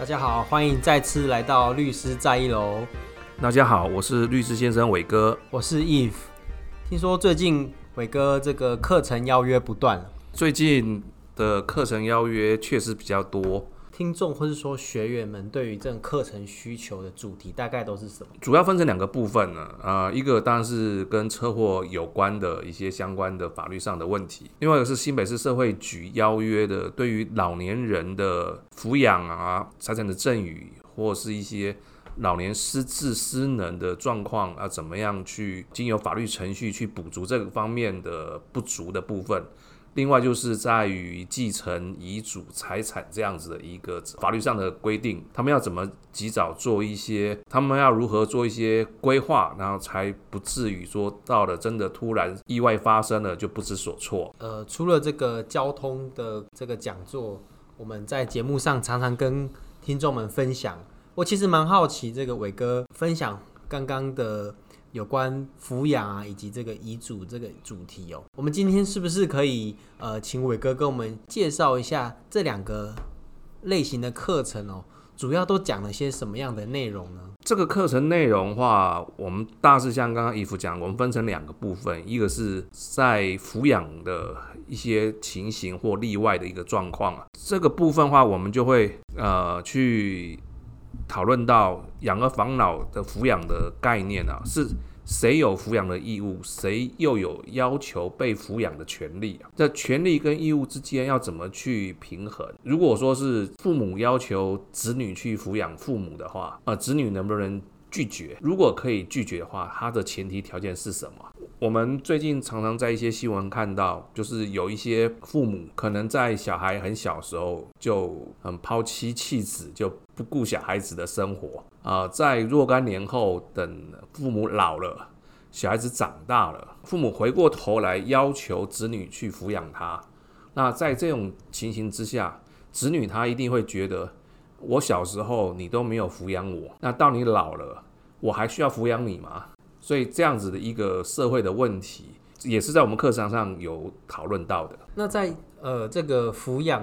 大家好，歡迎再次來到律師在一樓。大家好，我是律師先生偉哥，我是 IF。聽說最近偉哥這個課程邀約不斷，最近的課程邀約確實比較多。聽眾或是說學員們對於這種課程需求的主題大概都是什麼？主要分成兩個部分呢，啊，啊，呃，一個當然是跟車禍有關的一些相關的法律上的問題，另外一個是新北市社會局邀約的，對於老年人的撫養啊、財產的贈與或是一些老年失智失能的狀況啊，怎麼樣去經由法律程序去補足這個方面的不足的部分。另外就是在於繼承遺囑財產這樣子的一個法律上的規定，他們要怎麼及早做一些，他們要如何做一些規劃，然後才不至於說到了真的突然意外發生了就不知所措。呃，除了這個交通的這個講座，我們在節目上常常跟聽眾們分享。我其實蠻好奇這個瑋哥分享剛剛的。有關扶養啊，以及這個遺囑這個主題哦，我們今天是不是可以呃，請瑋哥給我們介紹一下這兩個類型的課程哦？主要都講了些什麼樣的內容呢？這個課程內容的話，我們大致像剛剛 IF 講，我們分成兩個部分，一個是在扶養的一些情形或例外的一個狀況啊，這個部分的話，我們就會呃去。討論到養兒防老的扶養的概念啊，是誰有扶養的義務，誰又有要求被扶養的權利啊？這權利跟義務之間要怎麼去平衡？如果說是父母要求子女去扶養父母的話，啊、呃，子女能不能？拒絕，如果可以拒絕的話，他的前提條件是什麼？我們最近常常在一些新聞看到，就是有一些父母可能在小孩很小時候就很拋妻棄子，就不顧小孩子的生活啊、呃，在若干年後等父母老了，小孩子長大了，父母回過頭來要求子女去撫養他。那在這種情形之下，子女他一定會覺得，我小時候你都沒有撫養我，那到你老了。我還需要撫養你嗎？所以這樣子的一個社會的問題，也是在我們課堂上有討論到的。那在呃這個撫養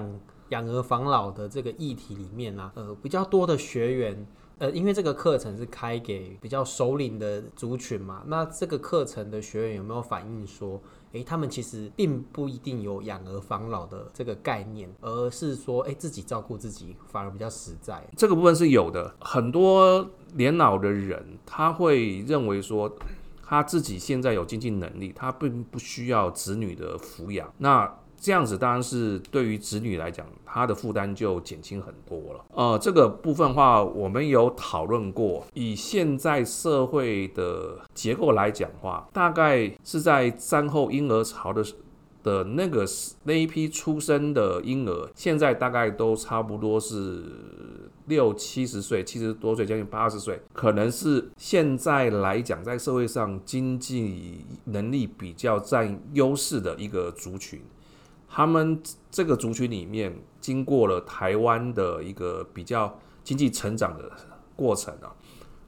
養兒防老的這個議題裡面呢、啊，呃比較多的學員，呃因為這個課程是開給比較熟齡的族群嘛，那這個課程的學員有沒有反映說？誒他們其實並不一定有養兒防老的這個概念，而是說，誒自己照顧自己反而比較實在。這個部分是有的，很多年老的人他會認為說，他自己現在有經濟能力，他並不需要子女的扶養。那這樣子當然是對於子女來講，他的負擔就減輕很多了。呃，這個部分話我們有討論過。以現在社會的結構來講的話，大概是在戰後嬰兒潮的的那個那一批出生的嬰兒，現在大概都差不多是六七十歲、七十多歲、將近八十歲，可能是現在來講在社會上經濟能力比較佔優勢的一個族群。他們這個族群裡面，經過了台灣的一個比較經濟成長的過程啊，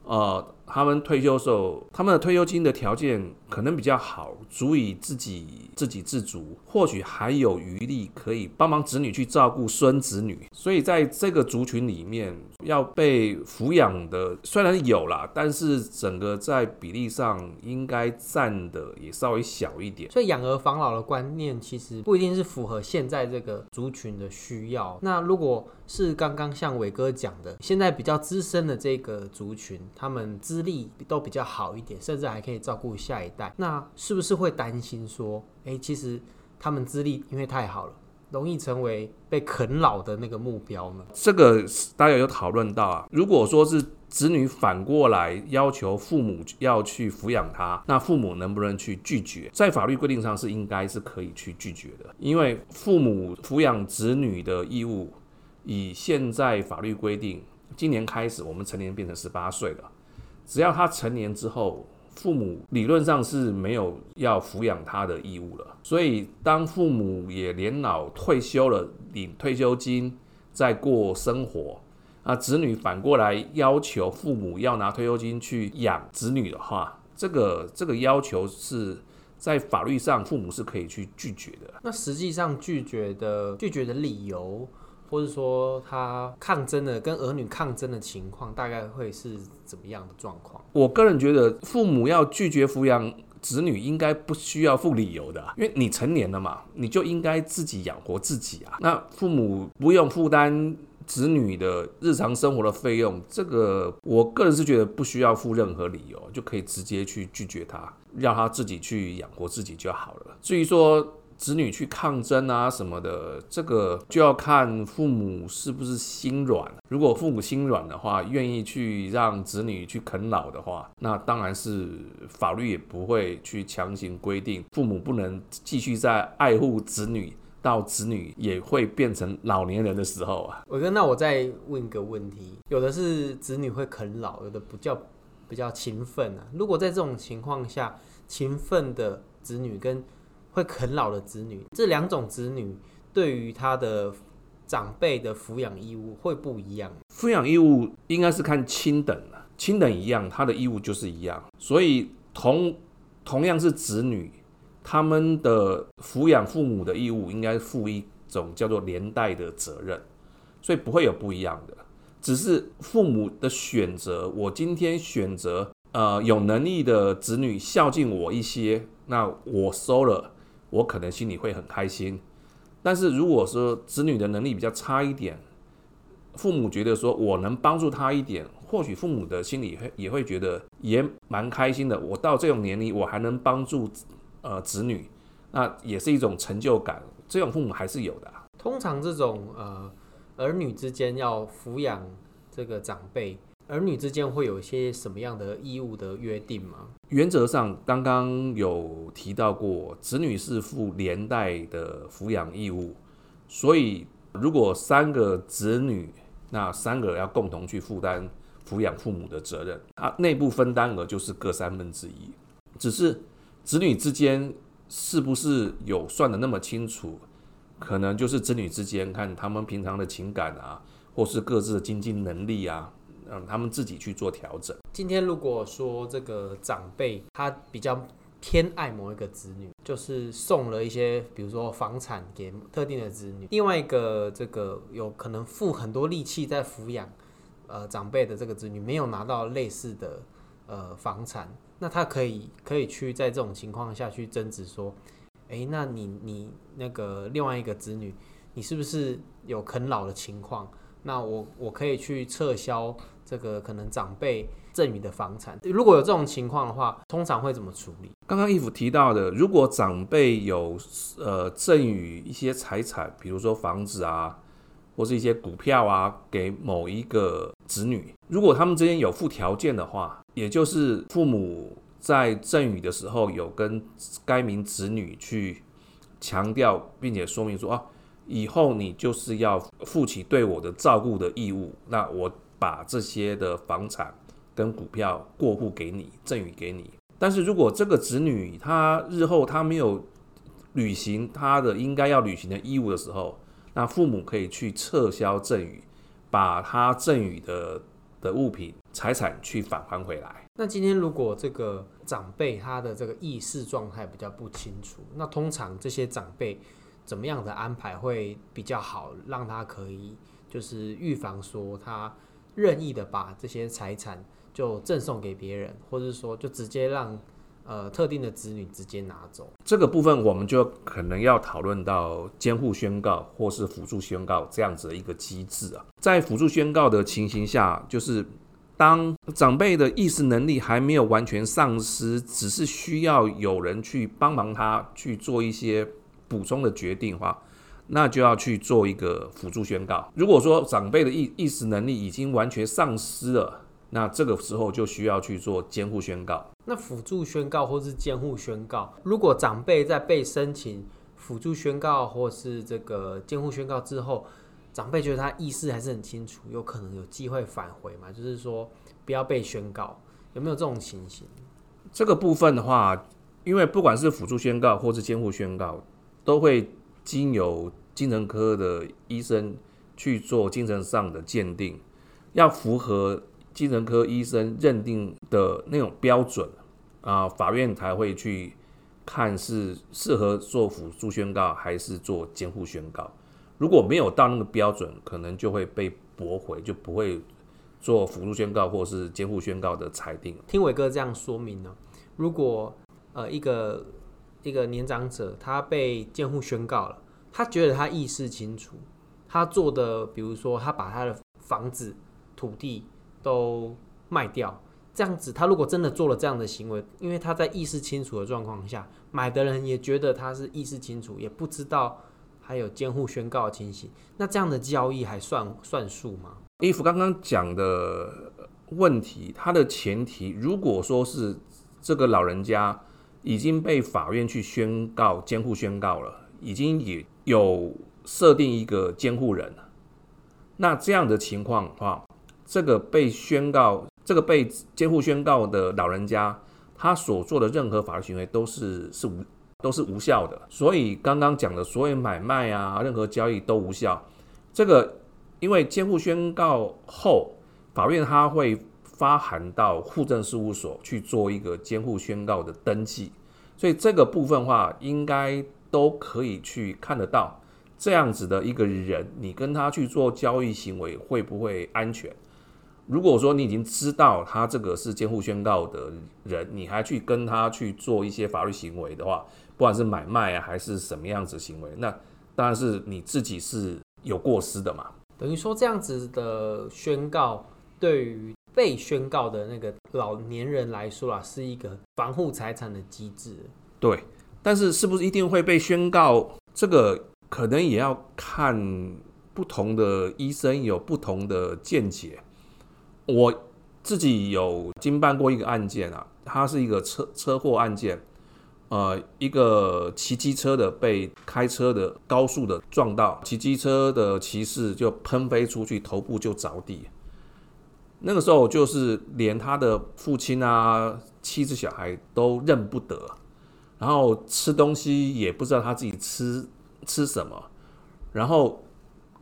呃。他們退休時候，他們的退休金的條件可能比較好，足以自己自給自足，或許還有餘力可以幫忙子女去照顧孫子女。所以在這個族群裡面，要被撫養的雖然有啦，但是整個在比例上應該占的也稍微小一點。所以養兒防老的觀念其實不一定是符合現在這個族群的需要。那如果是剛剛像瑋哥講的，現在比較資深的這個族群，他們資資歷都比較好一點，甚至還可以照顧下一代。那是不是會擔心說，誒、欸，其實他們資力因為太好了，容易成為被啃老的那個目標呢？這個大家有討論到啊。如果說是子女反過來要求父母要去撫養他，那父母能不能去拒絕？在法律規定上是應該是可以去拒絕的，因為父母撫養子女的義務，以現在法律規定，今年開始我們成年變成十八歲了。只要他成年之後，父母理論上是沒有要撫養他的義務了。所以，當父母也年老退休了，領退休金再過生活，啊，子女反過來要求父母要拿退休金去養子女的話，這個這個要求是在法律上父母是可以去拒絕的。那實際上拒絕的拒絕的理由，或者說他抗爭的跟兒女抗爭的情況，大概會是怎麼樣的狀況？我個人覺得，父母要拒絕撫養子女，應該不需要付理由的，因為你成年了嘛，你就應該自己養活自己啊。那父母不用負擔子女的日常生活的費用，這個我個人是覺得不需要付任何理由，就可以直接去拒絕他，讓他自己去養活自己就好了。至於說，子女去抗爭啊什麼的，這個就要看父母是不是心軟。如果父母心軟的話，願意去讓子女去啃老的話，那當然是法律也不會去強行規定父母不能繼續在愛護子女，到子女也會變成老年人的時候啊。瑋哥，那我再問個問題，有的是子女會啃老，有的不叫比較勤奮啊。如果在這種情況下，勤奮的子女跟會啃老的子女，這兩種子女對於他的長輩的撫養義務會不一樣？撫養義務應該是看親等的，親等一樣，他的義務就是一樣。所以同同樣是子女，他們的撫養父母的義務應該負一種叫做連帶的責任，所以不會有不一樣的。只是父母的選擇，我今天選擇呃，有能力的子女孝敬我一些，那我收了。我可能心裡會很開心，但是如果說子女的能力比較差一點，父母覺得說我能幫助他一點，或許父母的心裡會也會覺得也蠻開心的。我到這種年齡，我還能幫助呃子女，那也是一種成就感。這種父母還是有的啊。通常這種呃兒女之間要撫養這個長輩，兒女之間會有一些什麼樣的義務的約定嗎？原則上，剛剛有提到過，子女是負連帶的撫養義務，所以如果三個子女，那三個要共同去負擔撫養父母的責任，啊。內部分擔額就是各三分之一。只是子女之間是不是有算得那麼清楚？可能就是子女之間看他們平常的情感啊，或是各自的經濟能力啊。讓他們自己去做調整。今天如果說這個長輩他比較偏愛某一個子女，就是送了一些，比如說房產給特定的子女；另外一個這個有可能付很多力氣在撫養，呃，長輩的這個子女沒有拿到類似的呃房產，那他可以可以去在這種情況下去爭執說，哎，那你你那個另外一個子女，你是不是有啃老的情況？那我我可以去撤銷。這個可能長輩贈予的房產，如果有這種情況的話，通常會怎麼處理？剛剛 IF 提到的，如果長輩有呃贈予一些財產，比如說房子啊，或是一些股票啊，給某一個子女，如果他們之間有附條件的話，也就是父母在贈予的時候有跟該名子女去強調，並且說明說啊，以後你就是要負起對我的照顧的義務，那我。把這些的房產跟股票過戶給你，贈與給你。但是如果這個子女他日後他沒有履行他的應該要履行的義務的時候，那父母可以去撤銷贈與，把他贈與的的物品財產去返還回來。那今天如果這個長輩他的這個意識狀態比較不清楚，那通常這些長輩怎麼樣的安排會比較好，讓他可以就是預防說他，任意的把這些財產就贈送給別人，或者說就直接讓呃特定的子女直接拿走，這個部分我們就可能要討論到監護宣告或是輔助宣告這樣子的一個機制啊。在輔助宣告的情形下，就是當長輩的意思能力還沒有完全喪失，只是需要有人去幫忙他去做一些補充的決定的話。那就要去做一個輔助宣告。如果說長輩的意意識能力已經完全喪失了，那這個時候就需要去做監護宣告。那輔助宣告或是監護宣告，如果長輩在被申請輔助宣告或是這個監護宣告之後，長輩覺得他意識還是很清楚，有可能有機會返回嘛，就是說不要被宣告，有沒有這種情形？這個部分的話，因為不管是輔助宣告或是監護宣告，都會經由精神科的醫生去做精神上的鑑定，要符合精神科醫生認定的那種標準啊，法院才會去看是適合做輔助宣告還是做監護宣告。如果沒有到那個標準，可能就會被駁回，就不會做輔助宣告或是監護宣告的裁定。聽瑋哥這樣說明呢、啊，如果呃一個。這個年長者，他被監護宣告了，他覺得他意識清楚，他做的，比如說他把他的房子、土地都賣掉，這樣子，他如果真的做了這樣的行為，因為他在意識清楚的狀況下，買的人也覺得他是意識清楚，也不知道還有監護宣告的情形，那這樣的交易還算算數嗎？IF 剛剛講的問題，他的前提，如果說是這個老人家。已經被法院去宣告監護宣告了，已經也有設定一個監護人了。那這樣的情況的話，這個被宣告、這個被監護宣告的老人家，他所做的任何法律行為都是是無都是無效的。所以剛剛講的所有買賣啊，任何交易都無效。這個因為監護宣告後，法院他會。發函到戶政事務所去做一個監護宣告的登記，所以這個部分的話應該都可以去看得到。這樣子的一個人，你跟他去做交易行為會不會安全？如果說你已經知道他這個是監護宣告的人，你還去跟他去做一些法律行為的話，不管是買賣啊還是什麼樣子行為，那當然是你自己是有過失的嘛。等於說這樣子的宣告對於被宣告的那個老年人來說啊，是一個防護財產的機制。對，但是是不是一定會被宣告？這個可能也要看不同的醫生有不同的見解。我自己有經辦過一個案件啊，它是一個車車禍案件，呃，一個騎機車的被開車的高速的撞到，騎機車的騎士就噴飛出去，頭部就着地。那個時候就是連他的父親啊、妻子、小孩都認不得，然後吃東西也不知道他自己吃吃什麼，然後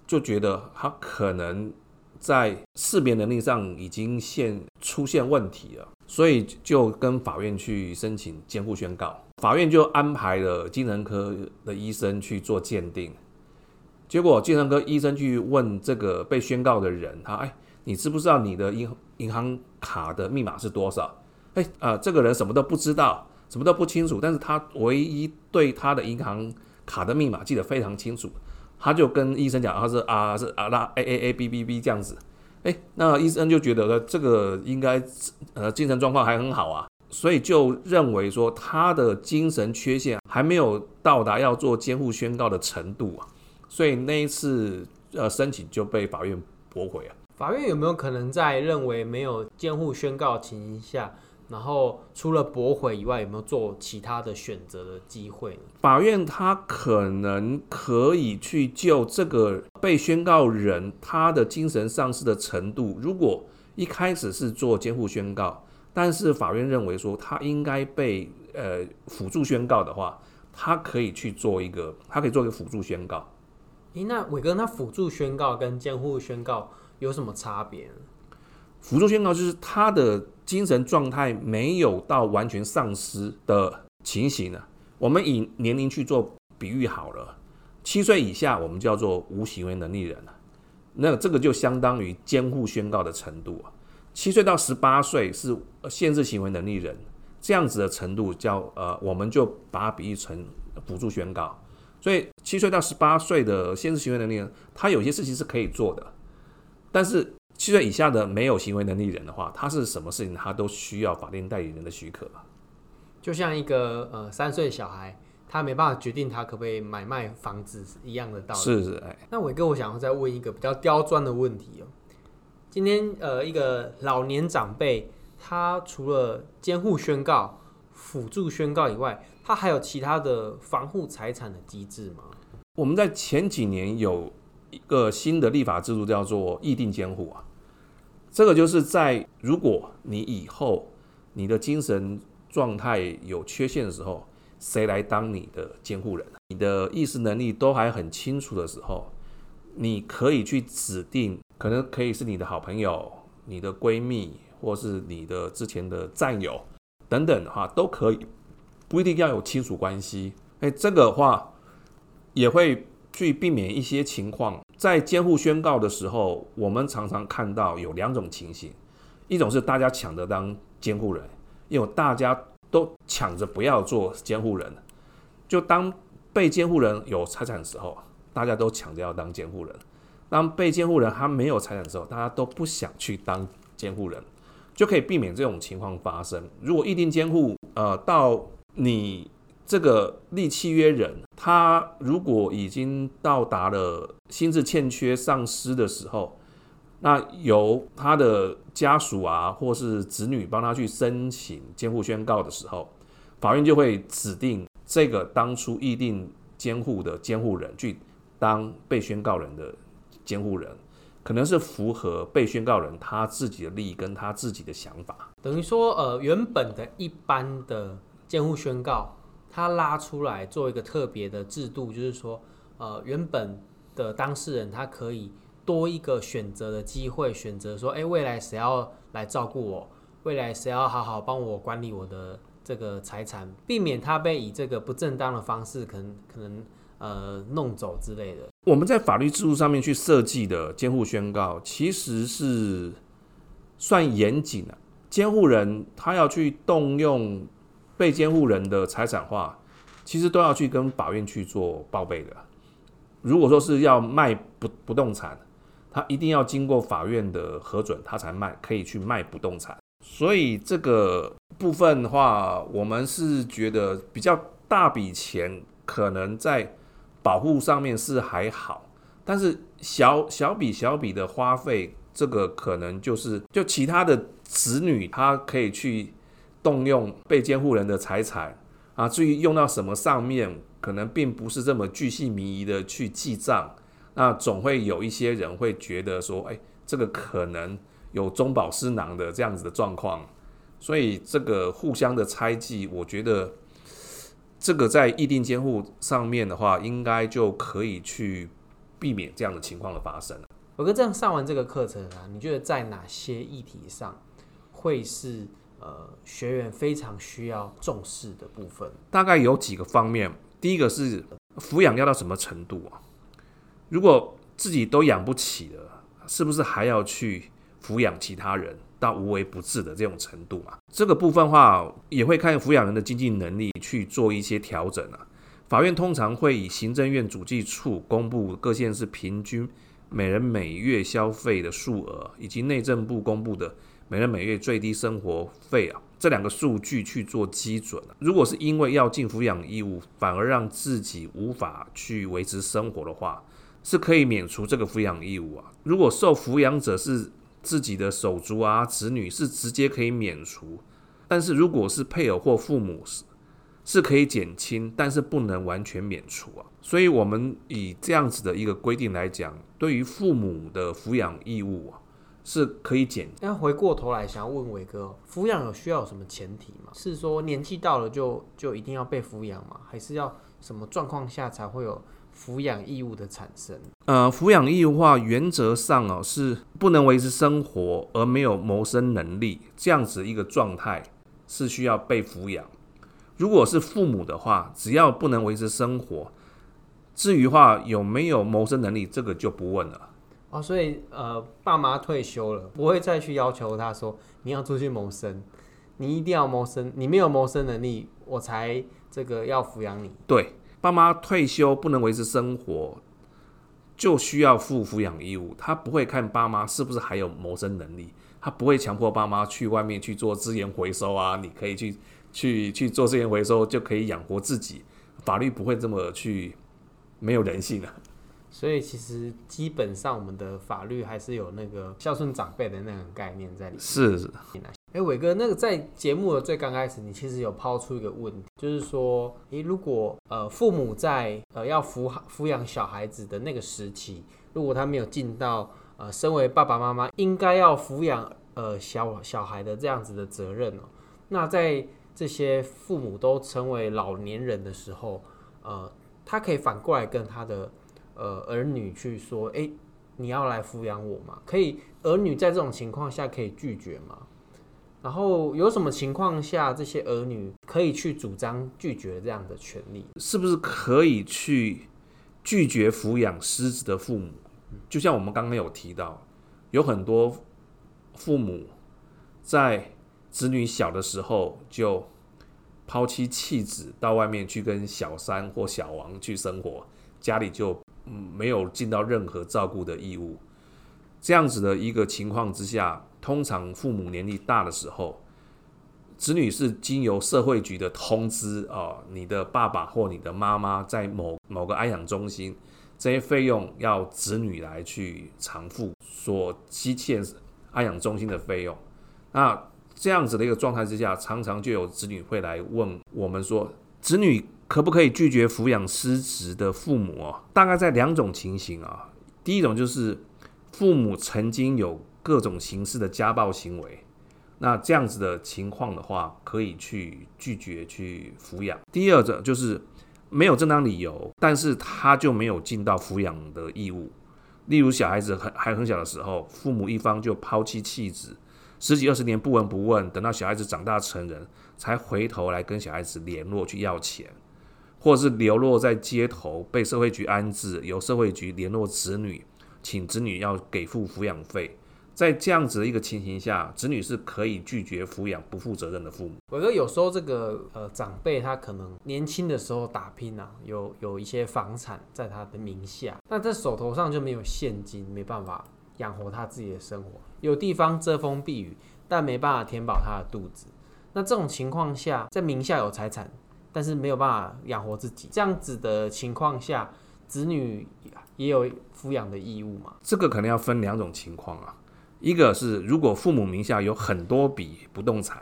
就覺得他可能在識別能力上已經現出現問題了，所以就跟法院去申請監護宣告，法院就安排了精神科的醫生去做鑑定，結果精神科醫生去問這個被宣告的人，他哎。你知不知道你的銀行銀行卡的密碼是多少？哎，啊、呃，這個人什麼都不知道，什麼都不清楚，但是他唯一對他的銀行卡的密碼記得非常清楚，他就跟醫生講，他、啊、是啊是啊那 a a a b b b 這樣子，哎，那醫生就覺得呢，這個應該呃精神狀況還很好啊，所以就認為說他的精神缺陷還沒有到達要做監護宣告的程度啊，所以那一次呃申請就被法院駁回了、啊。法院有沒有可能在認為沒有監護宣告的情形下，然後除了駁回以外，有沒有做其他的選擇的機會？法院他可能可以去就這個被宣告人他的精神喪失的程度，如果一開始是做監護宣告，但是法院認為說他應該被呃輔助宣告的話，他可以去做一個，他可以做一個輔助宣告。誒、欸，那瑋哥，那輔助宣告跟監護宣告？有什麼差別？輔助宣告就是他的精神狀態沒有到完全喪失的情形呢、啊。我們以年齡去做比喻好了，七歲以下我們叫做無行為能力人、啊，那這個就相當於監護宣告的程度。七歲到十八歲是限制行為能力人，這樣子的程度叫呃，我們就把它比喻成輔助宣告。所以七歲到十八歲的限制行為能力人，他有些事情是可以做的。但是七歲以下的沒有行為能力人的話，他是什麼事情他都需要法定代理人的許可吧？就像一個呃三歲小孩，他沒辦法決定他可不可以買賣房子一樣的道理。是是，哎。欸、那偉哥，我想要再問一個比較刁鑽的問題哦、喔。今天呃，一個老年長輩，他除了監護宣告、輔助宣告以外，他還有其他的防護財產的機制嗎？我們在前幾年有。一個新的立法制度叫做意定監護啊，這個就是在，如果你以後你的精神狀態有缺陷的時候，誰來當你的監護人？你的意識能力都還很清楚的時候，你可以去指定，可能可以是你的好朋友、你的閨蜜，或是你的之前的戰友等等，哈，都可以，不一定要有親屬關係。哎，這個話也會。去避免一些情況，在監護宣告的時候，我們常常看到有兩種情形：一種是大家搶着當監護人，因為大家都搶着不要做監護人。就當被監護人有財產的時候，大家都搶着要當監護人；當被監護人還沒有財產的時候，大家都不想去當監護人，就可以避免這種情況發生。如果意定監護，呃，到你。這個立契約人，他如果已經到達了心智欠缺喪失的時候，那由他的家屬啊，或是子女幫他去申請監護宣告的時候，法院就會指定這個當初意定監護的監護人去當被宣告人的監護人，可能是符合被宣告人他自己的利益跟他自己的想法，等於說，呃，原本的一般的監護宣告。他拉出來做一個特別的制度，就是說，呃，原本的當事人他可以多一個選擇的機會，選擇說，哎、欸，未來誰要來照顧我？未來誰要好好幫我管理我的這個財產，避免他被以這個不正當的方式可，可能可能呃弄走之類的。我們在法律制度上面去設計的監護宣告，其實是算嚴謹的。監護人他要去動用。被監護人的財產的話，其實都要去跟法院去做報備的。如果說是要賣不不動產，他一定要經過法院的核准，他才賣可以去賣不動產。所以這個部分的話，我們是覺得比較大筆錢可能在保護上面是還好，但是小小筆小筆的花費，這個可能就是就其他的子女他可以去。動用被監護人的財產啊，至於用到什麼上面，可能並不是這麼巨細靡遺的去記賬，那總會有一些人會覺得說：“哎，這個可能有中飽私囊的這樣子的狀況。”所以這個互相的猜忌，我覺得這個在意定監護上面的話，應該就可以去避免這樣的情況的發生。瑋哥這樣上完這個課程啊，你覺得在哪些議題上會是？呃，學員非常需要重視的部分，大概有幾個方面。第一個是扶養要到什麼程度啊？如果自己都養不起了，是不是還要去扶養其他人到無微不至的這種程度啊？這個部分的話也會看扶養人的經濟能力去做一些調整啊。法院通常會以行政院主計處公布各縣市平均每人每月消費的數額，以及內政部公布的。每人每月最低生活費啊，這兩個數據去做基準。如果是因為要盡撫養義務，反而讓自己無法去維持生活的話，是可以免除這個撫養義務啊。如果受撫養者是自己的手足啊、子女，是直接可以免除。但是如果是配偶或父母是，是是可以減輕，但是不能完全免除啊。所以我們以這樣子的一個規定來講，對於父母的撫養義務啊。是可以減，但回過頭來想要問瑋哥，扶養有需要有什麼前提嗎？是說年紀到了就就一定要被扶養嗎？還是要什麼狀況下才會有扶養義務的產生？呃，扶養義務的話，原則上哦，是不能維持生活，而沒有謀生能力，這樣子一個狀態是需要被扶養。如果是父母的話，只要不能維持生活，至於話有沒有謀生能力，這個就不問了。哦，所以呃，爸媽退休了，不會再去要求他說：“你要出去謀生，你一定要謀生，你沒有謀生能力，我才這個要撫養你。”對，爸媽退休不能維持生活，就需要負撫養義務。他不會看爸媽是不是還有謀生能力，他不會強迫爸媽去外面去做資源回收啊。你可以去去去做資源回收，就可以養活自己。法律不會這麼去，沒有人性的，啊。所以其實基本上我們的法律還是有那個孝順長輩的那個概念在裡面。是的。哎，偉哥，那個在節目的最剛開始，你其實有拋出一個問題，就是說，誒，如果呃父母在呃要撫撫養小孩子的那個時期，如果他沒有盡到呃身為爸爸媽媽應該要撫養呃小小孩的這樣子的責任哦，那在這些父母都成為老年人的時候，呃，他可以反過來跟他的。呃，兒女去說，哎，你要來撫養我嗎？可以，兒女在這種情況下可以拒絕嗎？然後有什麼情況下這些兒女可以去主張拒絕這樣的權利？是不是可以去拒絕撫養失子的父母？就像我們剛剛有提到，有很多父母在子女小的時候就拋妻棄、棄子，到外面去跟小三或小王去生活，家裡就。沒有盡到任何照顧的義務，這樣子的一個情況之下，通常父母年齡大的時候，子女是經由社會局的通知，啊、哦，你的爸爸或你的媽媽在某某個安養中心，這些費用要子女來去償付所積欠安養中心的費用。那這樣子的一個狀態之下，常常就有子女會來問我們說，子女。可不可以拒絕撫養失職的父母哦、啊，大概在兩種情形啊。第一種就是父母曾經有各種形式的家暴行為，那這樣子的情況的話，可以去拒絕去撫養。第二種就是沒有正當理由，但是他就沒有盡到撫養的義務，例如小孩子很還很小的時候，父母一方就拋妻棄子，十幾二十年不聞不問，等到小孩子長大成人，才回頭來跟小孩子聯絡去要錢。或者是流落在街頭，被社會局安置，由社會局聯絡子女，請子女要給付撫養費。在這樣子的一個情形下，子女是可以拒絕撫養不負責任的父母。偉哥有時候這個呃長輩他可能年輕的時候打拼啊，有有一些房產在他的名下，那在手頭上就沒有現金，沒辦法養活他自己的生活，有地方遮風避雨，但沒辦法填飽他的肚子。那這種情況下，在名下有財產。但是沒有辦法養活自己，這樣子的情況下，子女也有撫養的義務嘛？這個可能要分兩種情況啊。一個是如果父母名下有很多筆不動產，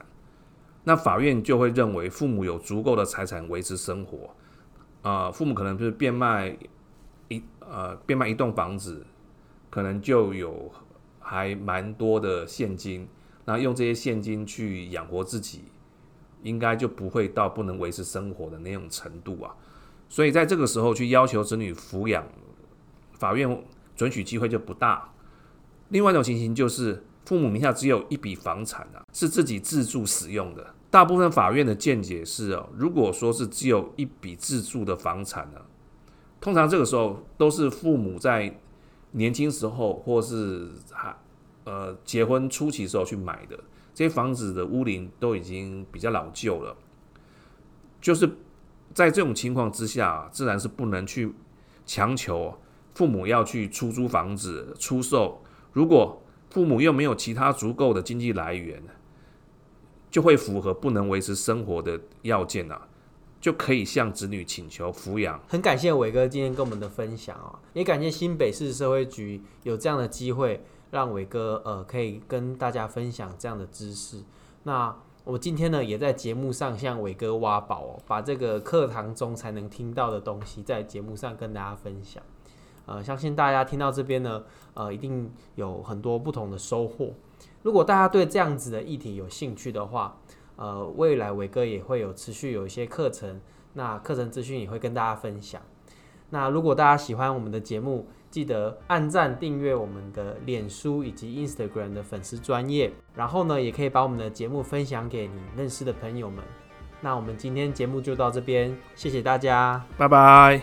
那法院就會認為父母有足夠的財產維持生活。啊、呃，父母可能就是變賣一呃，變賣一棟房子，可能就有還蠻多的現金，那用這些現金去養活自己。應該就不會到不能維持生活的那種程度啊，所以在這個時候去要求子女撫養，法院准許機會就不大。另外一種情形就是父母名下只有一筆房產啊，是自己自住使用的。大部分法院的見解是哦，如果說是只有一筆自住的房產呢、啊,通常這個時候都是父母在年輕時候或是還呃結婚初期時候去買的。這些房子的屋齡都已經比較老舊了，就是在這種情況之下，自然是不能去強求父母要去出租房子、出售。如果父母又沒有其他足夠的經濟來源，就會符合不能維持生活的要件了啊，就可以向子女請求撫養。很感謝偉哥今天跟我們的分享啊哦，也感謝新北市社會局有這樣的機會。讓瑋哥呃可以跟大家分享這樣的知識。那我今天呢也在節目上向瑋哥挖寶哦，把這個課堂中才能聽到的東西在節目上跟大家分享。呃，相信大家聽到這邊呢，呃，一定有很多不同的收穫。如果大家對這樣子的議題有興趣的話，呃，未來瑋哥也會有持續有一些課程，那課程資訊也會跟大家分享。那如果大家喜歡我們的節目，記得按讚訂閱我們的臉書以及 Instagram 的粉絲專業，然後呢，也可以把我們的節目分享給你認識的朋友們。那我們今天節目就到這邊，謝謝大家，拜拜。